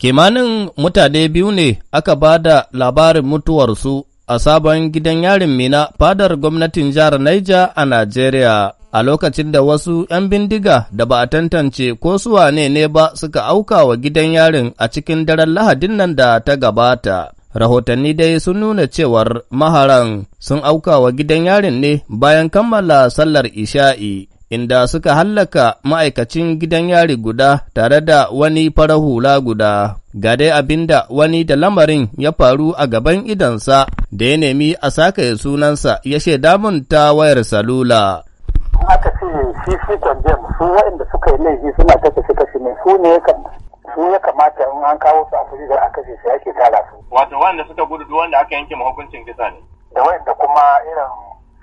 Kimanin mutane biyu ne aka ba da labarin mutuwarsu a sabon gidan yarin Mina fadar gwamnatin jihar Naija a Najeriya a lokacin da wasu ‘yan bindiga da ba a tantance ko suwa ne ne ba suka auka wa gidan yarin a cikin daren lahadin nan da ta gabata. Rahotanni dai sun nuna cewar maharan sun auka wa gidan yarin ne bayan kammala sallar isha'i. inda suka hallaka ma'aikacin gidan yari guda tare da wani fara hula guda. Ga dai abin da wani da lamarin ya faru a gaban idansa da ya nemi a sakaye sunansa ya shaida damun ta wayar salula. Aka ce shi shi su waɗanda suka yi laifi suna ta kashe kashe ne su ne ya kamata in an kawo su a kuri da aka ce sai ake tara su. Wato wanda suka gudu duk wanda aka yanke mahukuncin kisa ne. Da wanda kuma irin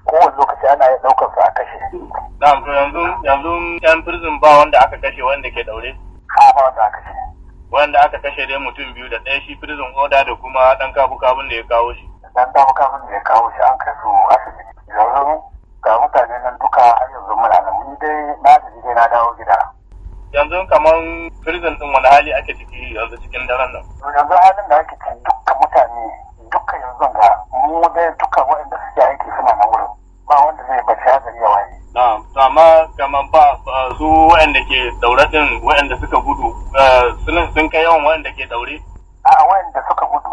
kowane lokaci ana yin ɗaukar su a to yanzu yanzu yan prison ba wanda aka kashe wanda ke daure? A ba wanda aka kashe. Wanda aka kashe dai mutum biyu da ɗaya shi prison order da kuma ɗan kabu kabun da ya kawo shi. Ɗan kabu kabun da ya kawo shi an kai su asibiti. Yanzu ga mutane nan duka har yanzu muna nan ni dai na tafi dai na dawo gida. Yanzu kamar prison ɗin wani hali ake ciki yanzu cikin daren nan? Yanzu halin da ake ciki duka mutane duka yanzu ga mu dai duka waɗanda zaman ba su waɗanda ke daure din waɗanda suka gudu sun kai yawan waɗanda ke daure? A waɗanda suka gudu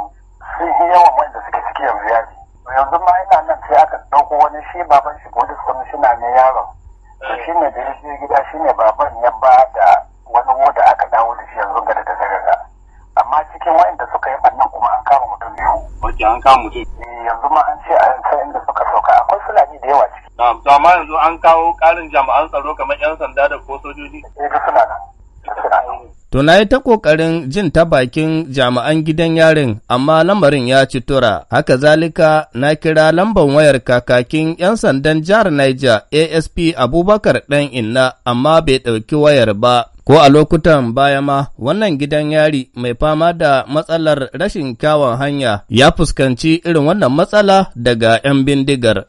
sun yi yawan waɗanda suke ciki yanzu ce. Yanzu ma ina nan sai aka ɗauko wani shi baban shi shi na ne yaron. Eh. shi ne da shi gida shi ne baban ya ba da wani woda aka dawo da shi yanzu gada da zagaga. Amma cikin waɗanda suka yi ɓannan kuma an kama mutum biyu. Wace an kama mutum? Eh, yanzu ma an ce a yanzu inda suka to amma yanzu an kawo ƙarin jami'an tsaro kamar 'yan sanda da ko sojoji. Eh, to na yi ta ƙoƙarin jin ta bakin jami'an gidan yarin, amma lamarin ya ci tura. Haka zalika na kira lambar wayar kakakin 'yan sandan jihar Niger ASP Abubakar ɗan inna, amma bai ɗauki wayar ba. Ko a lokutan baya ma wannan gidan yari mai fama da matsalar rashin kyawun hanya ya fuskanci irin wannan matsala daga 'yan bindigar.